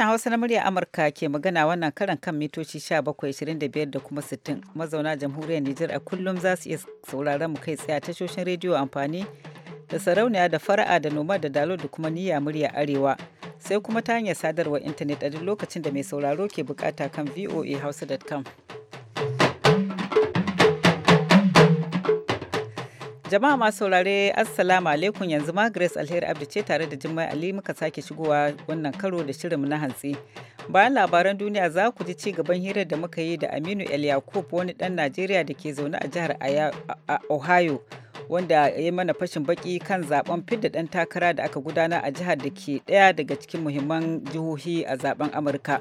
Sashen Hausa na murya Amurka ke magana wannan karan kan mitoci 1725 da kuma 60 mazauna jamhuriyar Nijar a kullum za su iya sauraron mu kai tsaye a tashoshin rediyo amfani da sarauniya da fara'a da noma da dalo da kuma niyya murya arewa sai kuma ta hanyar sadarwar intanet a duk lokacin da mai sauraro ke bukata kan voa voahausa.com. Jama'a masu saurare Assalamu alaikum yanzu ma Grace Alheri Abdi ce tare da Jummai Ali muka sake shigowa wannan karo da shirinmu na hantsi. Bayan labaran duniya za ku ji ci gaban hirar da muka yi da Aminu El Yakub wani dan Najeriya da ke zaune a jihar Ohio wanda ya yi mana fashin baki kan zaben fidda ɗan takara da aka gudana a jihar da ke ɗaya daga cikin muhimman jihohi a zaben Amurka.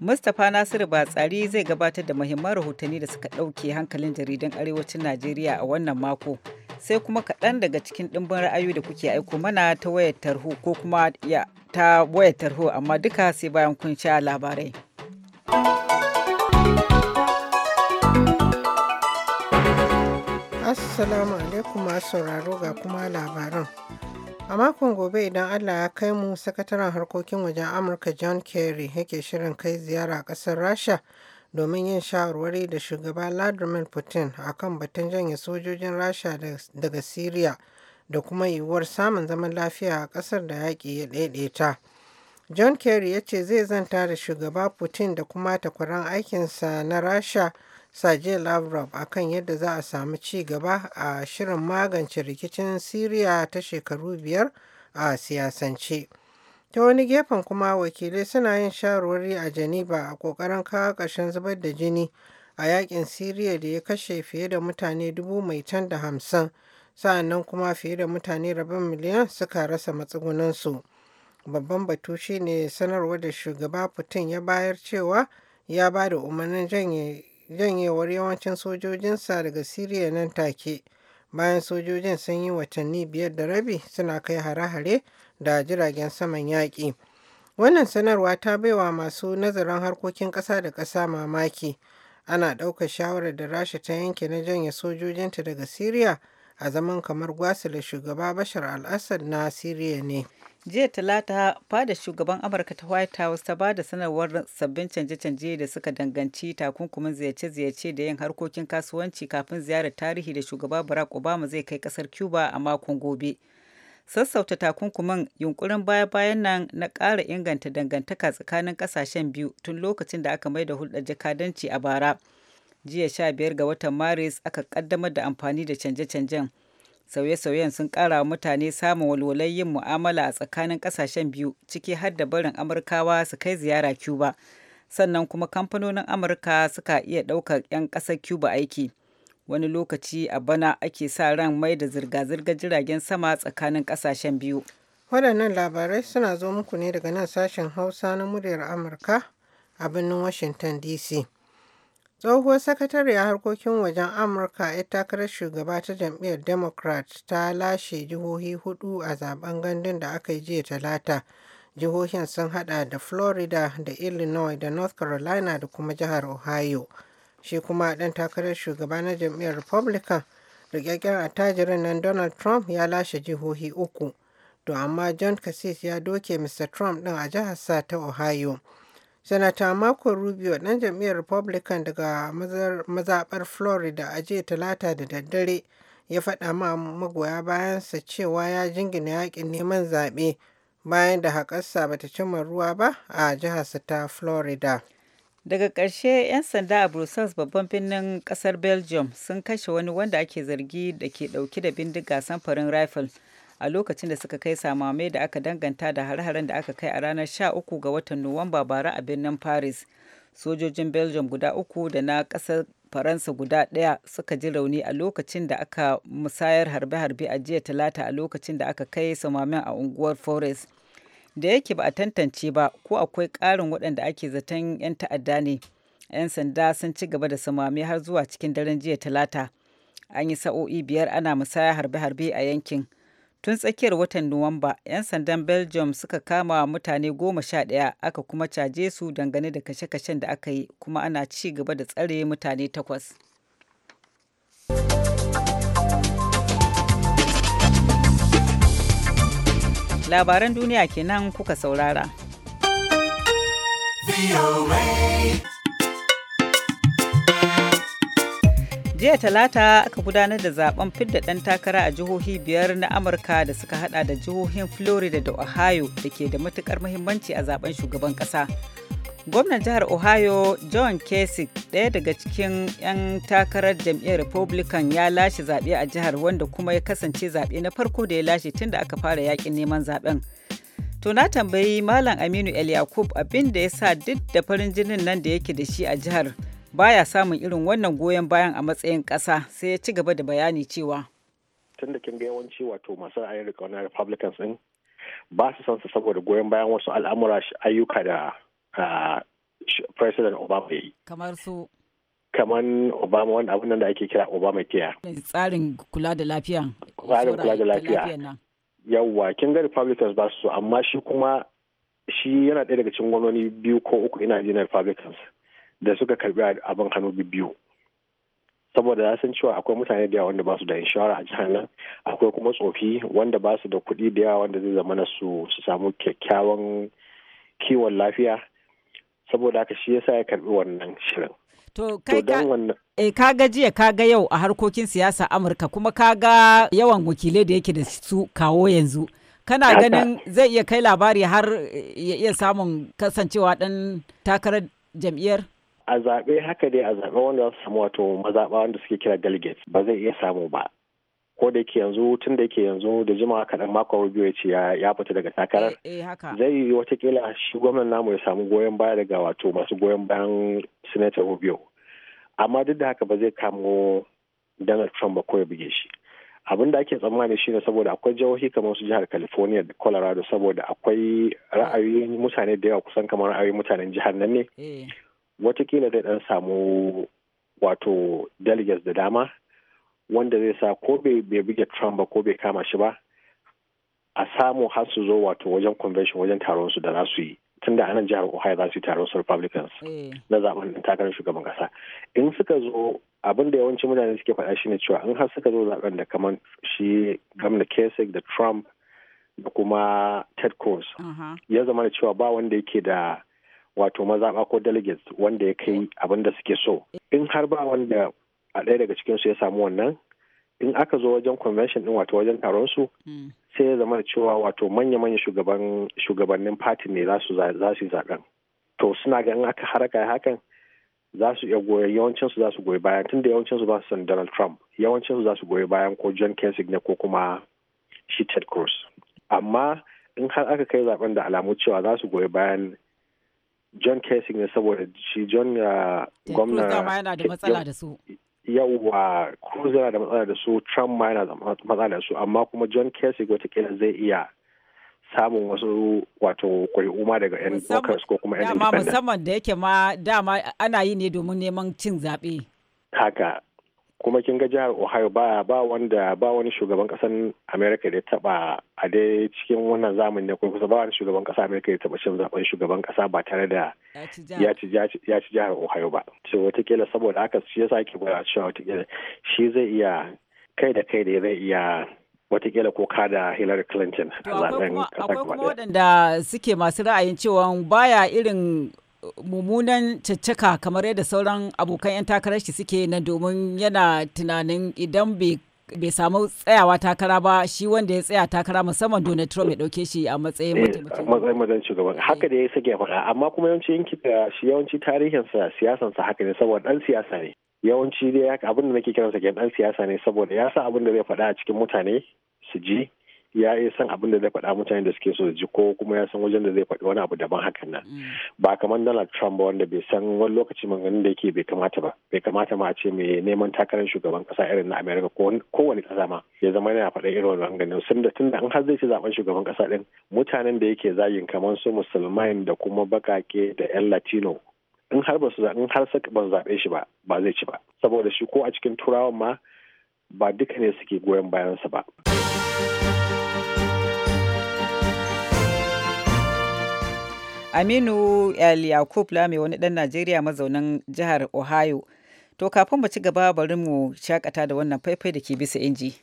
Mustapha Nasiru Batsari zai gabatar da muhimman rahotanni da suka ɗauke hankalin jaridan Arewacin Najeriya a wannan mako. Sai kuma kaɗan daga cikin ɗimbin ra'ayoyi da kuke aiko mana ta wayar tarho ko kuma ta wayar tarho amma duka sai bayan kun sha labarai. Assalamu alaikum masu sauraro ga kuma labaran. A makon gobe idan Allah ya kai mu sakataren harkokin wajen Amurka John Kerry yake shirin kai ziyara ƙasar Rasha domin yin shawarwari da shugaba Vladimir Putin akan batun janye sojojin Rasha daga Syria da kuma yiwuwar samun zaman lafiya a ƙasar da yaƙi ya ɗaiɗaita. John Kerry ya ce zai zanta da shugaba Putin da kuma takwaran aikinsa na Rasha Sergei Lavrov kan yadda za a samu ci gaba a shirin magance rikicin Siriya ta shekaru biyar a siyasance. Ta wani gefen kuma wakilai suna yin shawarwari a Geneva a ƙoƙarin kawo ƙarshen zubar da jini a yakin Siriya da ya kashe fiye da mutane dubu mai can da hamsin, sa'annan kuma fiye da mutane rabin miliyan suka rasa matsugunansu. Babban batu shine sanarwar da shugaba Putin ya bayar cewa ya ba da umarnin janye janyewar yawancin sojojinsa daga Siriya nan take bayan sojojin sun yi watanni biyar da rabi suna kai hare-hare da jiragen saman yaƙi. Wannan sanarwa ta baiwa masu nazarin harkokin ƙasa da ƙasa mamaki. Ana ɗaukar shawarar da Rasha ta yanke na janye sojojinta daga Siriya a zaman kamar da shugaba Bashar al na Siriya ne. jiya talata fada shugaban amurka ta white house ta ba da sanarwar sabbin canje-canje da suka danganci takunkumin ziyarce-ziyarce da yin harkokin kasuwanci kafin ziyarar tarihi da shugaba barack obama zai kai kasar cuba a makon gobe sassauta takunkumin yunkurin baya-bayan nan na ƙara inganta dangantaka tsakanin ƙasashen biyu tun lokacin da aka maida hulɗar jakadanci a bara jiya 15 ga watan maris aka ƙaddamar da amfani da canje-canjen sauye-sauyen sun kara wa mutane samun walwalar yin mu'amala a tsakanin kasashen biyu ciki har da barin amurkawa su kai ziyara cuba sannan kuma kamfanonin amurka suka iya ɗaukar 'yan kasar cuba aiki wani lokaci a bana ake sa ran mai da zirga zirga jiragen sama tsakanin kasashen biyu waɗannan labarai suna zo muku ne daga nan sashen hausa na muryar amurka a birnin washington dc Tsohuwar sakatariyar harkokin wajen Amurka ‘yar takarar shugaba ta jam'iyyar Democrat ta lashe jihohi hudu a zaben gandun da aka yi jiya Talata. Jihohin sun hada da Florida da Illinois da North Carolina da kuma jihar Ohio. Shi kuma ɗan takarar shugaba na jam'iyyar Republican, rikakken attajirin nan Donald Trump ya lashe jihohi uku. To amma John Kasich ya doke Mr. Trump ɗin a jihar sa ta Ohio. Sanata Marco Rubio ɗan jam'iyyar Republican daga mazaɓar Florida a jiya Talata da daddare ya faɗa ma magoya bayansa cewa ya jingina yaƙin neman zaɓe bayan da haƙarsa bata cimma ruwa ba a jiharsa ta Florida. Daga ƙarshe 'yan sanda a Brussels babban birnin ƙasar Belgium sun kashe wani wanda ake zargi da ke ɗauki da bindiga samfurin rifle. a lokacin da suka kai samame da aka danganta da har-haren da aka kai a ranar 13 ga watan Nuwamba bara a birnin Paris. Sojojin Belgium guda uku da na ƙasar Faransa guda ɗaya suka ji rauni a lokacin da aka musayar harbe-harbe a jiya talata a lokacin da aka kai samamen a unguwar Forest. Da yake ba a tantance ba ko akwai ƙarin waɗanda ake zaton 'yan ta'adda ne. 'Yan sanda sun ci gaba da samame har zuwa cikin daren jiya talata. An yi sa'o'i biyar ana musaya harbe-harbe a yankin. tun tsakiyar watan nuwamba 'yan sandan belgium suka kama mutane goma sha ɗaya aka kuma caje su dangane da kashe-kashen da aka yi kuma ana ci gaba da tsare mutane takwas labaran duniya kenan kuka saurara. jiya talata aka gudanar da zaben fidda ɗan takara a jihohi biyar na amurka da suka hada da jihohin florida da ohio da ke da matukar muhimmanci a zaben shugaban ƙasa gwamnan jihar ohio john kasich ɗaya daga cikin 'yan takarar jam'iyyar republican ya lashe zaɓe a jihar wanda kuma ya kasance zaɓe na farko da ya lashe tun da aka fara yakin neman zaɓen to na tambayi malam aminu eliyakub yakub abin da ya sa duk da farin jinin nan da yake da shi a jihar baya samun irin wannan goyon bayan a matsayin kasa sai ya ci gaba da bayani cewa tun da kin ga yawanci wato masu ra'ayin rikonar republicans din ba su san su saboda goyon bayan wasu al'amura ayyuka da president obama ya yi kamar su kamar obama wani abin da ake kira obama kiya. tsarin kula da lafiya tsarin kula da lafiya yawwa kin ga republicans ba su amma shi kuma shi yana ɗaya daga cikin gwamnoni biyu ko uku ina jinar republicans da suka karbi abin hannu biyu saboda ya san cewa akwai mutane da yawa wanda ba su da inshora a jihar nan akwai kuma tsofi wanda ba su da kuɗi da yawa wanda zai zama na su su samu kyakkyawan kiwon lafiya saboda haka shi yasa ya karbi wannan shirin to kai ka eh, ka ga jiya ka ga yau a harkokin siyasa Amurka kuma ka ga yawan wakilai da yake da su kawo yanzu kana ganin zai iya kai labari har eh, ya iya samun kasancewa ɗan takarar jam'iyyar a zaɓe haka dai a zaɓe wanda za su samu wato mazaɓa wanda suke kira delegates ba zai iya samu ba ko da yake yanzu tun da yake yanzu da jimawa kaɗan makon rubio ya ce ya fita daga takarar eh, eh, zai yi watakila shi gwamnan namu ya samu goyon baya daga wato masu goyon bayan senator rubio amma duk da haka ba zai kamo donald trump ba ko ya buge shi abin da ake tsammani shine saboda akwai jihohi kamar su jihar california da colorado saboda akwai ra'ayoyin mutane da yawa kusan kamar ra'ayoyin mutanen jihar nan ne eh. watakila zai dan samu wato delegates da dama wanda zai sa ko bai buge Trump ba ko bai kama shi ba a samu har su zo wato wajen convention wajen taron su da za su yi tun da anan jihar Ohio za su yi taron su Republicans eh. na zaben takarar shugaban kasa in suka zo abin da yawancin mutane suke faɗa shine cewa in har suka zo zaben da kamar shi gamna Kasich da Trump da kuma Ted Cruz ya zama da cewa ba wanda yake da wato mazaɓa ko delegates wanda ya kai abin da suke so in har ba wanda a ɗaya daga cikinsu ya samu wannan in aka zo wajen convention din wato wajen taron su hmm. sai ya zama cewa wato manya manya shugaban shugabannin party ne za su zaɓen to suna ga in aka haraka hakan za su iya goyi yawancin su za su goyi bayan tunda yawancin su ba su san Donald Trump yawancin su za su goyi bayan ko John Kasich ne ko kuma shi Ted Cruz amma in har aka kai zaben da alamu cewa za su goyi bayan john casing ne saboda shi john uh, gwamna yana da matsala da su yawwa cruz yana da matsala da su trump ma yana da matsala da su amma kuma john kasich watakila zai iya samun wasu wato kuri'u ma daga 'yan democrats ko kuma 'yan independent musamman da yake ma dama ana yi ne domin neman cin zaɓe haka kuma kin ga jihar ohio ba ba wanda ba wani shugaban kasan america da ya taba a dai cikin wannan zamani ne kusa ba wani shugaban kasa america da ya taba cin zaben shugaban kasa ba tare da ya ci jihar ohio ba so saboda haka shi yasa ake gwada cewa wataƙila shi zai iya kai da kai da zai iya wataƙila ko kada Hillary Clinton. Akwai kuma waɗanda suke masu ra'ayin cewa baya irin mummunan caccaka kamar yadda sauran abokan 'yan takarar shi suke nan domin yana tunanin idan bai samu tsayawa takara ba shi wanda ya tsaya takara musamman Donald Trump ya dauke shi a matsayin eh, matsayin shugaban eh. haka da ya sake faɗa amma kuma yawanci yanki shi yawanci tarihinsa siyasansa haka ne saboda dan siyasa ne yawanci dai abin da nake kiransa ke dan siyasa ne saboda ya sa abin da zai faɗa a cikin mutane su ji ya yi san abin da zai faɗa mutane da suke so su ji ko kuma ya san wajen da zai faɗi wani abu daban hakan nan mm. ba kamar Donald Trump wanda bai san wani lokaci maganganun da yake bai kamata ba bai kamata ma a ce mai neman takarar shugaban kasa irin na America ko kowane kasa ma ya zama yana faɗa irin wannan ganin sun da tunda an har zai ci zaben shugaban kasa din mutanen da yake zagin kamar su musulmai da kuma bakake da 'yan Latino in har ba su in har ban zaɓe shi ba ba zai ci ba saboda shi ko a cikin turawan ma ba duka ne suke goyon bayansa ba. Aminu El Yakub Lame wani ɗan Najeriya mazaunin jihar Ohio. To kafin mu ci gaba bari mu shakata da wannan faifai da ke bisa inji.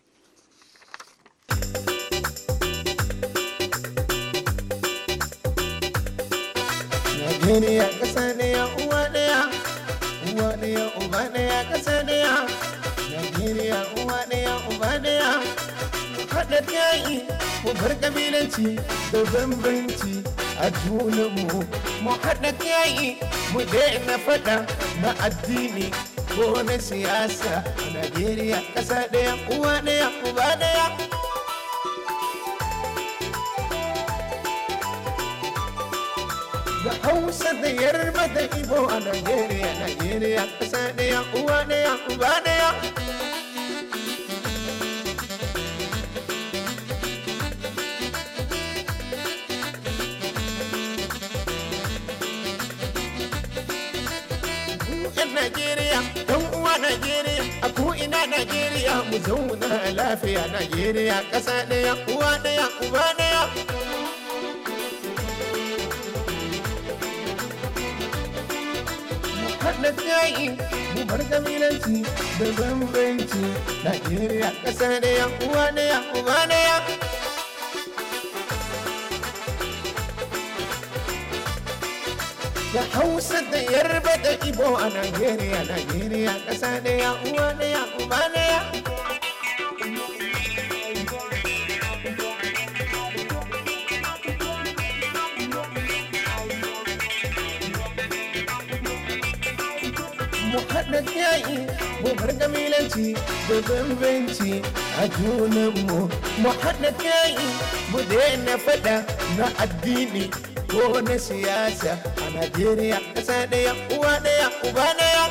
Najeriya ƙasa ya uwa ɗaya, uwa ɗaya uba ɗaya ƙasa ɗaya. Najeriya uwa ɗaya uba ɗaya. da yaƙi mu bar ƙabilanci da bambanci a junanmu mu haɗa yaƙi mu daina faɗa na addini ko na siyasa a Najeriya ƙasa ɗaya uwa ɗaya uba ɗaya. Da Hausa da Yarba da Ibo a Najeriya, Najeriya ƙasa ɗaya uwa ɗaya uba ɗaya. Najeriya, ɗan uwa Najeriya, a ina Najeriya, mu zauna lafiya Najeriya, ƙasa ɗaya, uwa ɗaya, uba ɗaya. Haɗa tsayi, mu bar ƙabilanci da bambanci, Najeriya ƙasa ɗaya, uwa ɗaya, uba ɗaya. da hausa da yarba da ibo a najeriya kasa da ya uwa ya uba da mu haɗa yayi mu bar gamilanci da bambanci a junanmu mu haɗa mu daina faɗa na addini ko na siyasa Najeriya ƙasa ɗaya uwa ɗaya uba ɗaya.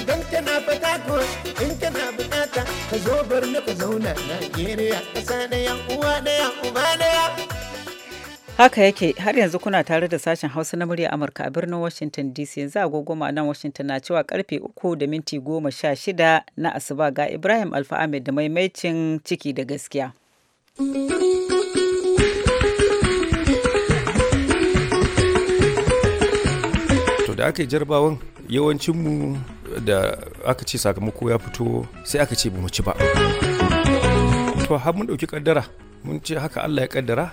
Idan kana fata ko in kana buƙata ka zo ni ka zauna Najeriya ƙasa ɗaya uwa ɗaya uba ɗaya. Haka yake har yanzu kuna tare da sashen Hausa na murya Amurka a birnin Washington DC yanzu agogoma nan Washington na cewa karfe uku da minti goma sha shida na asuba ga Ibrahim Alfa Ahmed da maimaicin ciki da gaskiya. to da aka yi jarabawan yawancinmu da aka ce sakamako ya fito sai aka ce mu ci ba to har mun ɗauki kaddara mun ce haka allah ya kaddara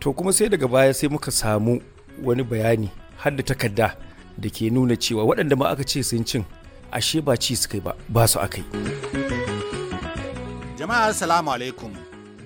to kuma sai daga baya sai muka samu wani bayani har da takarda da ke nuna cewa waɗanda ma aka ce sun cin ashe ba ci suka yi ba ba su aka yi jama'a asalamu alaikum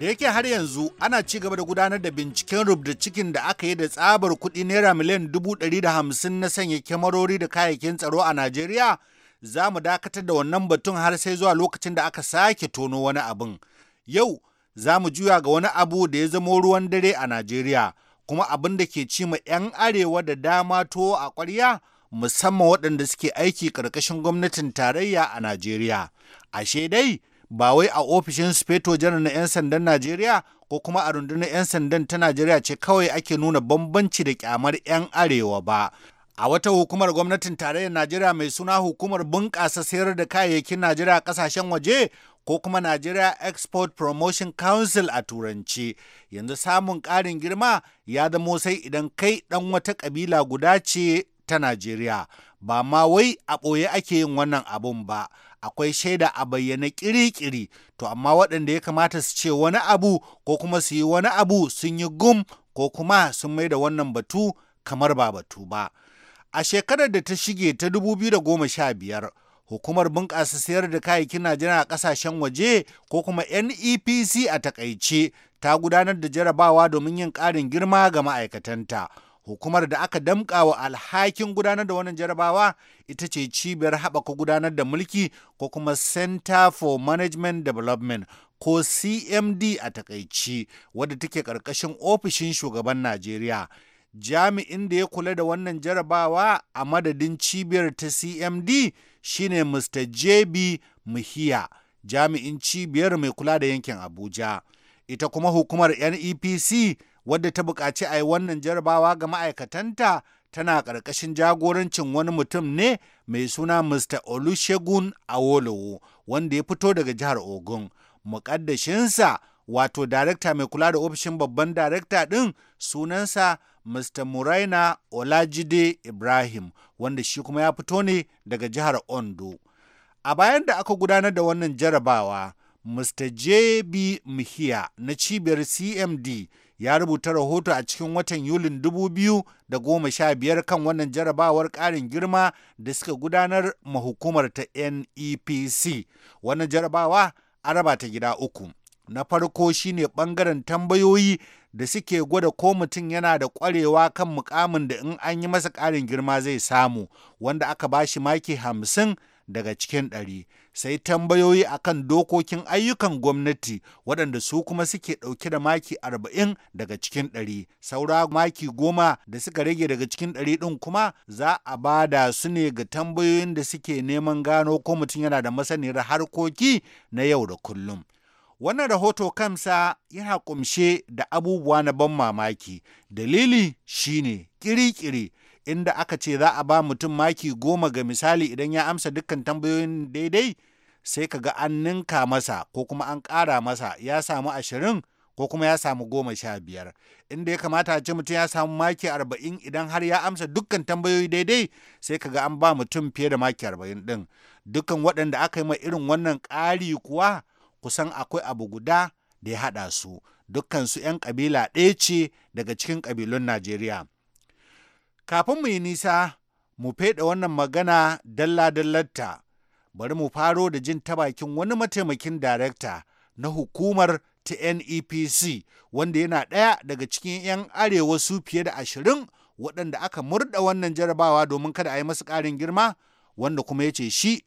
da yake har yanzu ana ci gaba da gudanar da binciken rubda cikin da aka yi da tsabar kuɗi naira miliyan dubu ɗari da hamsin na sanya kyamarori da kayayyakin tsaro a najeriya za mu dakatar da wannan batun har sai zuwa lokacin da aka sake tono wani abin yau za mu juya ga wani abu da ya zamo ruwan dare a najeriya kuma abin da ke ci ma 'yan arewa da dama to a ƙwarya musamman waɗanda suke aiki ƙarƙashin gwamnatin tarayya a najeriya ashe dai ba wai a ofishin speto janar na 'yan sandan Najeriya ko kuma a rundunar 'yan sandan ta Najeriya ce kawai ake nuna bambanci da kyamar 'yan arewa ba. A wata hukumar gwamnatin tarayyar Najeriya mai suna hukumar bunƙasa sayar da kayayyakin Najeriya ƙasashen waje ko kuma Najeriya Export Promotion Council a Turanci. Yanzu samun ƙarin girma ya zamo sai idan kai ɗan wata ƙabila guda ce ta Najeriya. Ba ma wai a ɓoye ake yin wannan abun ba. akwai shaida a bayyana kiri-kiri to amma waɗanda ya kamata su ce wani abu ko kuma su yi wani abu sun yi gum ko kuma sun mai da wannan batu kamar ba batu ba a shekarar da ta shige ta 2015 hukumar bunƙasa sayar da kayayyakin najeriya a ƙasashen waje ko kuma nepc a takaice ta gudanar da jarabawa domin yin ƙarin girma ga ma'aikatanta. hukumar da aka damƙa wa alhakin gudanar da wannan jarabawa ita ce cibiyar haɓaka gudanar da mulki ko kuma center for management development ko cmd a takaici wadda take ƙarƙashin ofishin shugaban najeriya jami'in da ya kula da wannan jarabawa a madadin cibiyar ta cmd shine mr jb muhiya jami'in cibiyar mai kula da yankin abuja ita kuma hukumar nepc wadda ta buƙaci a yi wannan jarabawa ga ma'aikatanta tana ƙarƙashin jagorancin wani mutum ne mai suna Mr. Olusegun Awolowo wanda ya fito daga jihar Ogun. Muƙaddashinsa wato darakta mai kula da ofishin babban darakta ɗin sunansa Mr. Muraina Olajide Ibrahim wanda shi kuma ya fito ne daga jihar Ondo. A bayan da aka gudanar da wannan jarabawa, Mr. J.B. Mihiya na cibiyar CMD ya rubuta rahoto a cikin watan Yulin 2015 kan wannan jarabawar ƙarin girma da suka gudanar mahukumar ta NEPC. Wannan jarabawa a raba ta gida uku. Na farko shine ɓangaren tambayoyi da suke gwada ko mutum yana da ƙwarewa kan mukamin da in an yi masa ƙarin girma zai samu, wanda aka bashi maki hamsin daga cikin ɗari. sai tambayoyi akan dokokin ayyukan gwamnati waɗanda su kuma suke ɗauke da maki arba'in daga cikin ɗari saura maki goma da suka rage daga cikin ɗari ɗin kuma za a bada su ne ga tambayoyin da suke neman gano ko mutum yana da masaniyar harkoki na yau da kullum wannan rahoto kansa yana kumshe da abubuwa na ban mamaki dalili shine kiri-kiri inda aka ce za a ba mutum maki goma ga misali idan ya amsa dukkan tambayoyin daidai sai ka ga an ninka masa ko kuma an ƙara masa ya samu ashirin ko kuma ya samu goma sha biyar inda ya kamata a ce mutum ya samu maki arba'in idan har ya amsa dukkan tambayoyi daidai sai ka ga an ba mutum fiye da maki arba'in ɗin dukkan waɗanda aka yi ma irin wannan ƙari kuwa kusan akwai abu guda da ya haɗa su dukkan su 'yan ƙabila ɗaya ce daga cikin ƙabilun najeriya Kafin mu yi nisa, mu feɗe wannan magana dalla-dallarta, bari mu faro da jin ta bakin wani mataimakin darekta na hukumar ta NEPC wanda yana ɗaya daga cikin 'yan arewa su fiye da ashirin waɗanda aka murda wannan jarabawa domin kada a yi masu ƙarin girma wanda kuma ya ce shi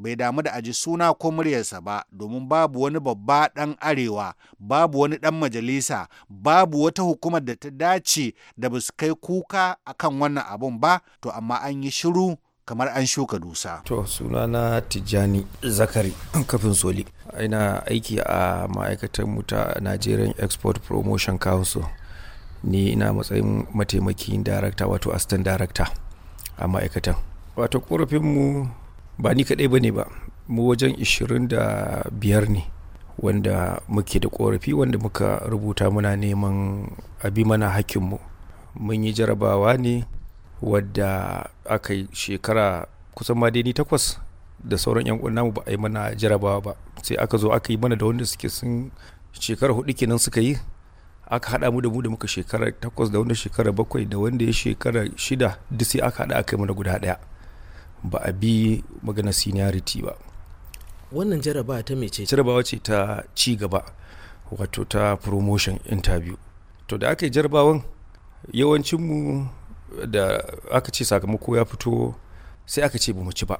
bai damu da aji suna ko muryarsa ba domin babu wani babba ɗan arewa babu wani ɗan majalisa babu wata hukumar da ta dace da ba su kai kuka akan wannan abun ba to amma an yi shiru kamar an shuka dusa. To na Tijjani Zakari kafin soli. Ina aiki a ma'aikatar mu ta Nigerian Export Promotion Council. Ni ina matsayin mataimakin darakta wato assistant darakta a ma'aikatan. Wato korafinmu ba ni kaɗai ba ne ba mu wajen 25 ne wanda muke da korafi wanda muka rubuta muna neman abi mana hakinmu mun yi jarabawa ne wadda aka yi shekara kusan ma dai ni takwas da sauran yan uwan ba a yi mana jarabawa ba sai aka zo aka yi mana da wanda suke sun shekara hudu kenan suka yi aka hada mu da mu da muka shekara takwas da wanda shekara bakwai da wanda ya shekara shida duk sai aka hada aka yi mana guda daya ba a bi maganar seniority ba wannan jaraba ta mece jarabawa ce ta ci gaba wato ta promotion interview to da aka yi jarabawan yawancinmu da aka ce sakamako ya fito sai aka ce ba mu ci ba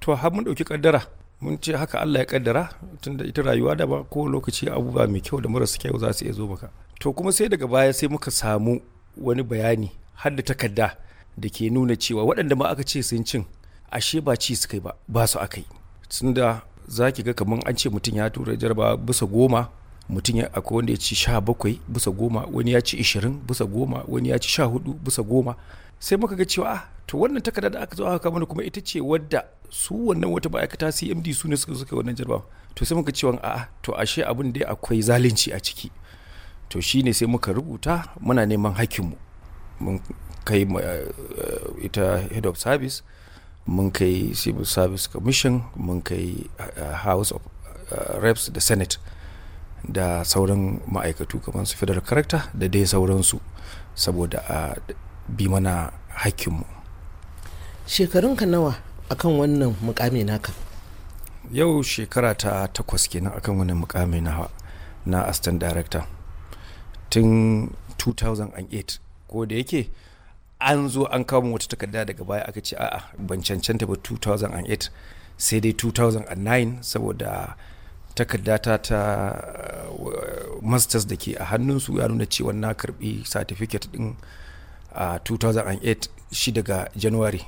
to har mun ɗauki ƙaddara mun ce haka Allah ya kaddara tunda ita rayuwa da ba ko lokaci abubuwa mai kyau da marasa kyau za su iya zo maka to kuma sai daga baya sai muka samu wani bayani har da takarda da ke nuna cewa waɗanda ma aka ce sun cin ashe ba ci suka yi ba ba su aka yi tun da za ki ga kamar an ce mutum ya tura jarba bisa goma mutum ya akwai wanda ya ci sha bakwai bisa goma wani ya ci ishirin bisa goma wani ya ci sha hudu bisa goma sai muka ga cewa ah, to wannan takarda da aka zo aka mana kuma ita ce wadda su wannan wata ma'aikata cmd su ne suka suka wannan jarba to sai muka cewa a'a to ashe abin da akwai zalunci a ciki to shine sai muka rubuta muna neman hakkinmu mun kai eh, eh, ita head of service mun kai civil service commission mun kai eh, house of reps da senate da sauran ma'aikatu kamar su federal character da dai sauransu saboda a bi mana hakkinmu shekarunka nawa akan wannan mukami naka yau shekara ta takwas kenan akan wannan mukami na na aston director tun 2008 ko da yake an zo an kama wata takarda daga baya aka ce a'a ban cancanta ba 2008 sai dai 2009 saboda takarda ta ta uh, masters da ke a hannunsu ya nuna cewa na karbi certificate din a 2008 shi daga january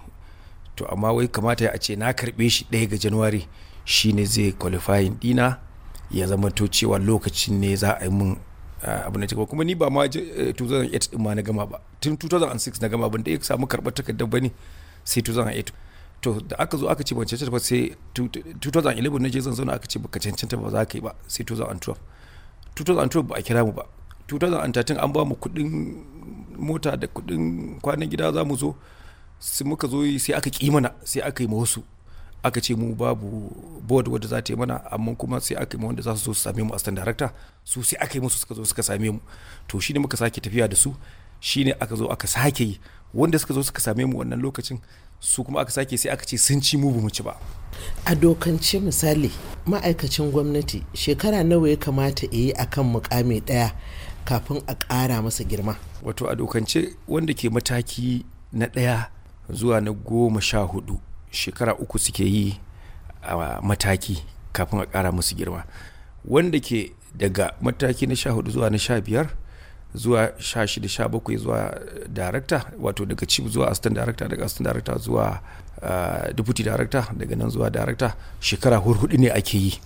to amma wai kamata a ce na karbe shi ɗaya ga january ne zai qualifying dina ya zama to cewa lokacin ne za a yi mun uh, abin da kuma ni ba ma 2008 eh, din ma na gama ba tun 2006 na gama ban da ya samu karɓar takardar bane sai 2008 to da aka zo aka ce ban cancanta ba sai 2011 na je zan zauna aka ce baka cancanta ba za ka yi ba sai 2012 2012 ba a kira mu ba 2013 an ba mu kuɗin mota da kuɗin kwanan gida za mu zo sai muka zo sai aka ƙi mana sai aka yi wasu aka ce mu babu board wadda za ta yi mana amma kuma sai aka yi wanda za su zo su same mu a stand director su sai aka yi musu suka zo suka same mu to shi ne muka sake tafiya da su shi ne aka zo aka sake yi wanda suka zo suka same mu wannan lokacin su kuma aka sake sai aka ce sun ci mu bamu ci ba a dokance misali ma'aikacin gwamnati shekara nawa ya kamata yi kan mukami daya kafin a ƙara masa girma wato a dokance wanda ke mataki na daya zuwa na goma sha hudu shekara uku suke yi a mataki kafin a ƙara musu girma wanda ke daga mataki na sha hudu zuwa na sha biyar zuwa sha sha bakwai zuwa director wato daga chief zuwa assistant director daga assistant director zuwa uh, deputy director daga nan zuwa director shekara hurhudu ne ake yi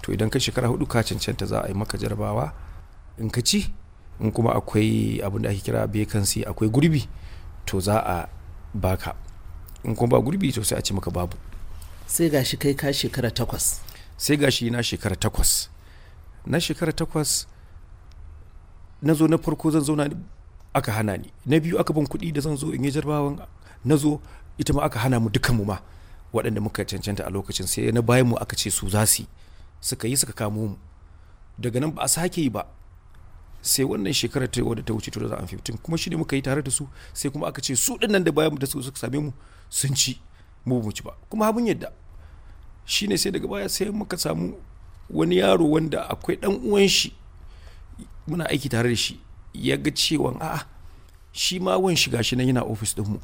to idan ka shekara hudu ka cancanta za a yi maka jarabawa in ka ci in kuma akwai abin da ake kira vacancy akwai gurbi to za a baka in kuma ba gurbi to sai a ci maka babu sai gashi kai ka shekara takwas sai gashi na shekara takwas na shekara takwas na zo na farko zan zauna aka hana ni na biyu aka ban kuɗi da zan zo in yi jarbawan na zo ita ma aka hana mu dukkan mu ma waɗanda muka cancanta a lokacin sai na bayan mu aka ce su za su suka yi suka kamo mu daga nan ba a sake yi ba sai wannan shekarar ta wadda ta wuce 2015 kuma shi ne muka yi tare da su sai kuma aka ce su ɗin da bayan da su suka same mu sun ci mu mu ci ba kuma abin yadda shi ne sai daga baya sai muka samu wani yaro wanda akwai ɗan uwan shi muna aiki tare da shi ya ga cewa a'a shi ma wan shiga shi nan yana ofis mu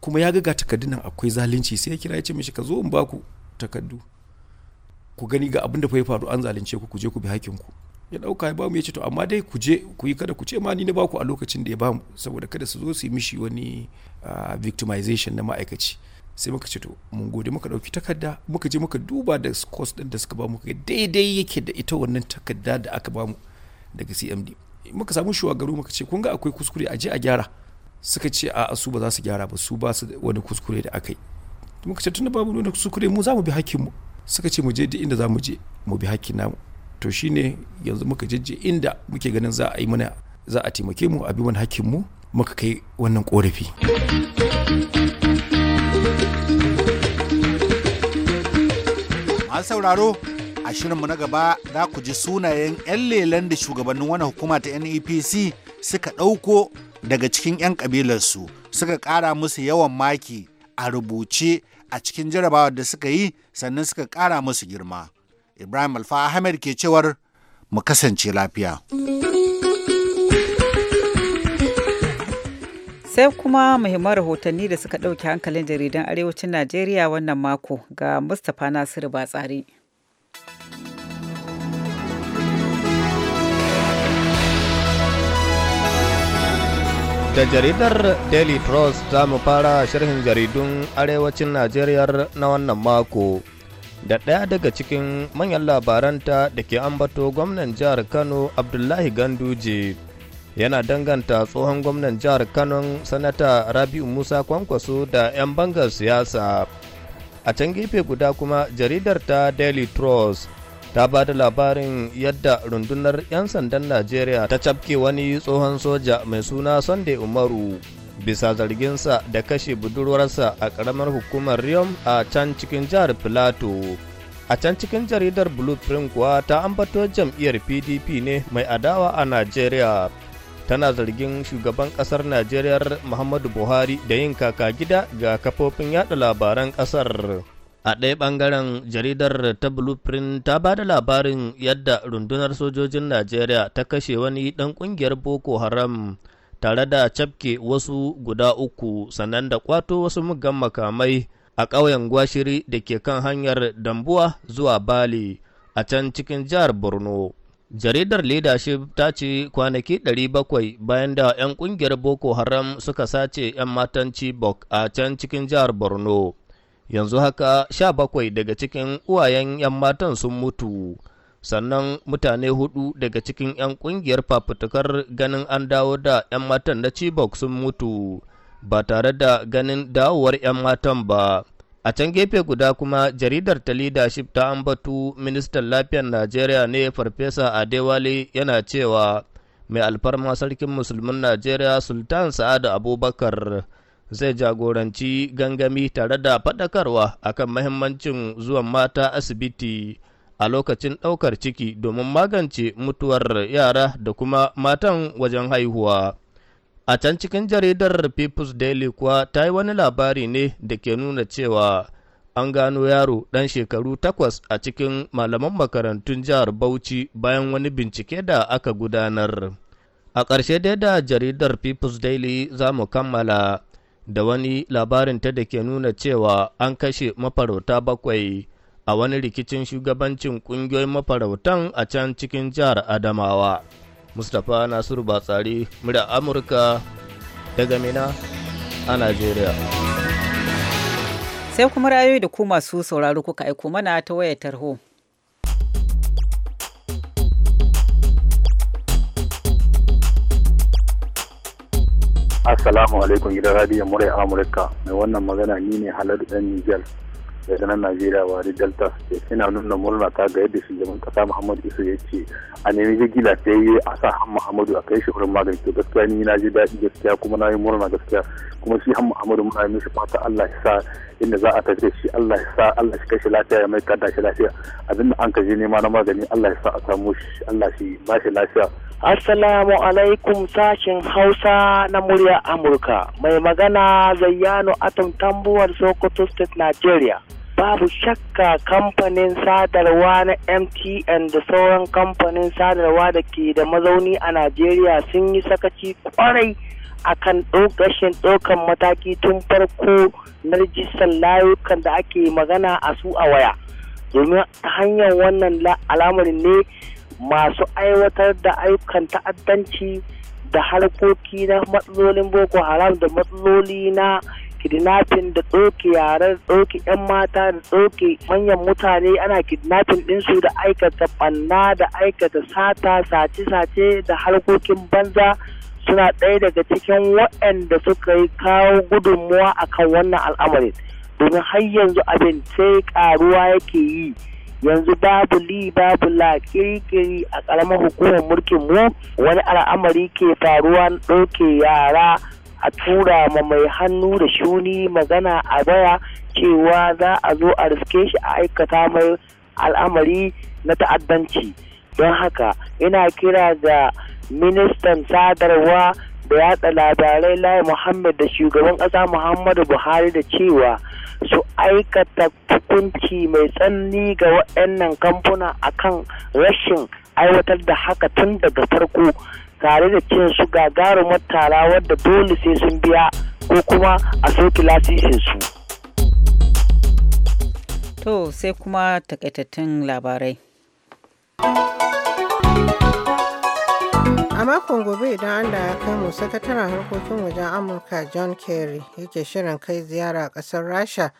kuma ya ga ga takardun nan akwai zalunci sai ya kira ya ce mishi ka zo in baku takardu ku gani ga abin da fa ya faru an zalunce ku ku je ku bi hakkin ku ya dauka ya bamu ya ce to amma dai ku je ku yi kada ku ce ma ni na baku a lokacin da ya bamu saboda kada su zo su yi mishi wani ah, victimization na ma'aikaci sai muka ce to mun gode muka dauki takarda muka je muka duba da scores din da suka bamu daidai yake da ita wannan takarda da aka bamu daga cmd muka samu shugabaru muka ce kun ga akwai kuskure a je a gyara suka ce a su ba za su gyara ba su ba su wani kuskure da aka yi muka ce da babu wani kuskure mu za mu bi hakkin mu suka ce mu je duk inda za mu je mu bi hakkin namu to shine yanzu muka jeje inda muke ganin za a yi mana za a taimake mu a bi wani hakkin mu muka kai wannan korafi masu sauraro a shirinmu na gaba za ku ji sunayen 'yan lelen da shugabannin wani hukuma ta NEPC suka ɗauko daga cikin 'yan ƙabilarsu suka ƙara musu yawan maki a rubuce a cikin jarabawar da suka yi sannan suka ƙara musu girma. Ibrahim Alfa Ahmed ke cewar mu kasance lafiya. sai kuma muhimman rahotanni da suka ɗauki hankalin jaridan arewacin najeriya wannan mako ga mustapha nasiru batsari. Da jaridar Daily Trust za mu fara sharhin jaridun arewacin Najeriya na wannan mako. Da ɗaya daga cikin manyan labaranta da ke ambato gwamnan jihar Kano Abdullahi Ganduje yana danganta tsohon gwamnan jihar Kano Sanata Rabi'u Musa Kwankwaso da 'yan bangar siyasa. A can gefe guda kuma jaridar ta Daily Trust ta ba da labarin yadda rundunar 'yan sandan najeriya ta cafke wani tsohon soja mai suna sunday umaru bisa zarginsa da kashe budurwarsa a karamar hukumar riyom a can cikin jihar filato a can cikin jaridar blueprint kuwa ta ambato jam'iyyar pdp ne mai adawa a najeriya tana zargin shugaban ƙasar najeriya muhammadu buhari da yin kaka gida ga kafofin yada labaran ƙasar A ɗaya ɓangaren jaridar ta Blueprint ta ba da labarin yadda rundunar sojojin Najeriya ta kashe wani ɗan ƙungiyar Boko Haram tare da cafke wasu guda uku sannan da kwato wasu muggan makamai a ƙauyen Gwashiri da ke kan hanyar Dambuwa zuwa Bali a can cikin jihar Borno. Jaridar Leadership ta ce kwanaki 700 bayan da 'yan ƙungiyar Boko Haram suka sace 'yan matan Chibok a can cikin jihar Borno. yanzu haka sha bakwai daga cikin uwayen 'yan matan sun mutu sannan mutane hudu daga cikin 'yan kungiyar fafutukar ganin an dawo da 'yan matan na chibok sun mutu ba tare da ganin dawowar 'yan matan ba a can gefe guda kuma jaridar ta leadership ta ambatu ministan lafiyar najeriya ne farfesa adewale yana cewa mai alfarma sarkin musulmin najeriya sultan sa'adu abubakar zai jagoranci gangami tare da faɗakarwa akan mahimmancin zuwan mata asibiti a lokacin ɗaukar ciki domin magance mutuwar yara da kuma matan wajen haihuwa. A can cikin jaridar People's Daily kuwa ta yi wani labari ne da ke nuna cewa an gano yaro ɗan shekaru takwas a cikin malaman makarantun jihar Bauchi bayan wani bincike da aka gudanar. A ƙarshe dai da jaridar People's Daily za mu kammala. da wani labarin ta da ke nuna cewa an kashe mafarauta bakwai a wani rikicin shugabancin ƙungiyoyin mafarautan a can cikin jihar Adamawa. Mustapha Nasiru Batsari, murya Amurka daga Mina a Najeriya. Sai kuma rayu da ku masu sauraro kuka aiko mana ta wayar tarho. Assalamu alaikum gidan radiyon murai Amurka. Mai wannan magana ni ne Haladu ɗan Nijar daga nan najeriya wari delta state yana nuna murna ta ga yadda shugaban kasa muhammadu isa ya ce a nemi jirgi yi a sa han muhammadu a kai shi wurin magani to gaskiya ni na ji daɗi gaskiya kuma na yi murna gaskiya kuma shi han muhammadu muna mishi fata allah ya sa inda za a tafi shi allah ya sa allah shi kai shi lafiya ya mai kada shi lafiya abin da an ka je nema na magani allah ya sa a samu shi allah shi ba shi lafiya. assalamu alaikum sashin hausa na murya amurka mai magana zayyano atom tambuwar sokoto state nigeria babu shakka kamfanin sadarwa na mtn da sauran kamfanin sadarwa da ke da mazauni a najeriya sun yi sakaci kwarai akan kan ɗaukan mataki tun farko na rijistar layukan da ake magana a su a waya domin ta hanyar wannan al'amarin ne masu aiwatar da ayyukan ta'addanci da harkoki na matsalolin boko haram da matsaloli na kidnapping da tsoke yara tsoke 'yan mata da tsoke manyan mutane ana kidnapping ɗinsu da aikata banna da aikata sata sace-sace da harkokin banza suna ɗaya daga cikin waɗanda suka yi kawo gudunmuwa kan wannan al'amarin domin har yanzu abin sai karuwa yake yi yanzu babu li babu la kirkiri a ƙaramar hukumar mulkin mu wani al'amari ke faruwa ɗauke yara a tura ma mai hannu da shuni magana a baya cewa za a zo a riske shi a aikata mai al'amari na ta'addanci don haka ina kira ga ministan sadarwa da yatsa labarai lai muhammad da shugaban ƙasa muhammadu buhari da cewa su aikata hukunci mai tsanani ga waɗannan kamfuna akan rashin aiwatar da haka tun daga farko tare da cin su gagarumar tara wadda dole sai sun biya ko kuma a soke lasisin su. To sai kuma takaitattun labarai. a makon gobe idan an da ya kai mu sakataren harkokin wajen amurka john kerry yake shirin kai ziyara a kasar rasha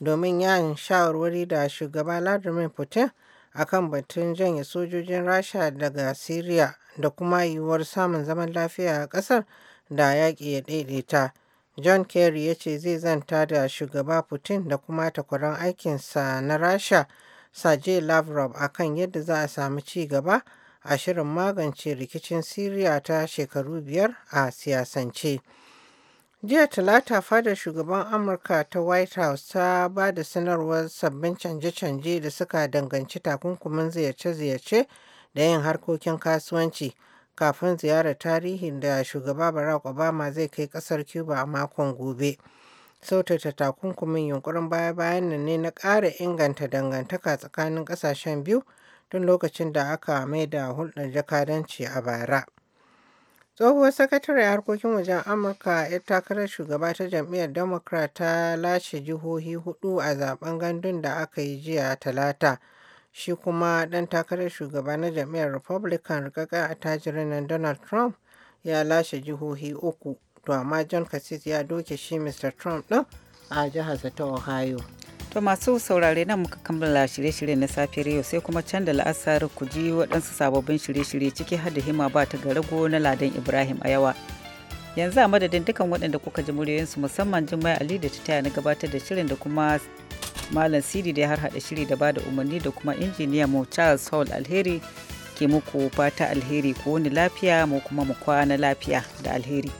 domin yin shawarwari da shugaba vladimir putin akan batun janye sojojin rasha daga syria da kuma yiwuwar samun zaman lafiya a ƙasar da yaƙi ya daidaita, John Kerry ya ce zai zanta da shugaba Putin da kuma takwaran aikinsa na Rasha Sergei Lavrov a kan yadda za a samu ci gaba a shirin magance rikicin Siriya ta shekaru biyar a siyasance. Jiya Talata fadar shugaban Amurka ta White House ta ba da sanarwar sabbin canje-canje da suka danganci takunkumin ziyarce-ziyarce da yin harkokin kasuwanci kafin ziyarar tarihin da shugaba Barack Obama zai kai ƙasar Cuba a makon gobe. Sautata takunkumin yunkurin baya-bayan nan ne na ƙara inganta dangantaka tsakanin ƙasashen biyu tun lokacin da aka mai da hulɗar jakadanci a bara. Tsohuwar sakatare harkokin wajen Amurka ‘yar takarar shugaba ta jam'iyyar Democrat ta lashe jihohi hudu a zaben gandun da aka yi jiya talata shi kuma ɗan takarar shugaba na jam'iyyar republican rikaka tajirin nan donald trump ya lashe jihohi uku to amma john kasich ya doke shi mr trump ɗin a jihar ta ohio to masu saurare nan muka kammala shirye-shirye na safiyar yau sai kuma can da la'asar ku ji waɗansu sababbin shirye-shirye ciki har da hima ba ta rago na ladan ibrahim a yawa yanzu a madadin dukkan waɗanda kuka ji muryoyinsu musamman jimai ali da ta taya na gabatar da shirin da kuma Malam Sidi da ya harhaɗa shiri da bada umarni da kuma injiniya mu Charles Hall Alheri ke muku fata alheri ko wani lafiya mu kuma mu kwana lafiya da alheri.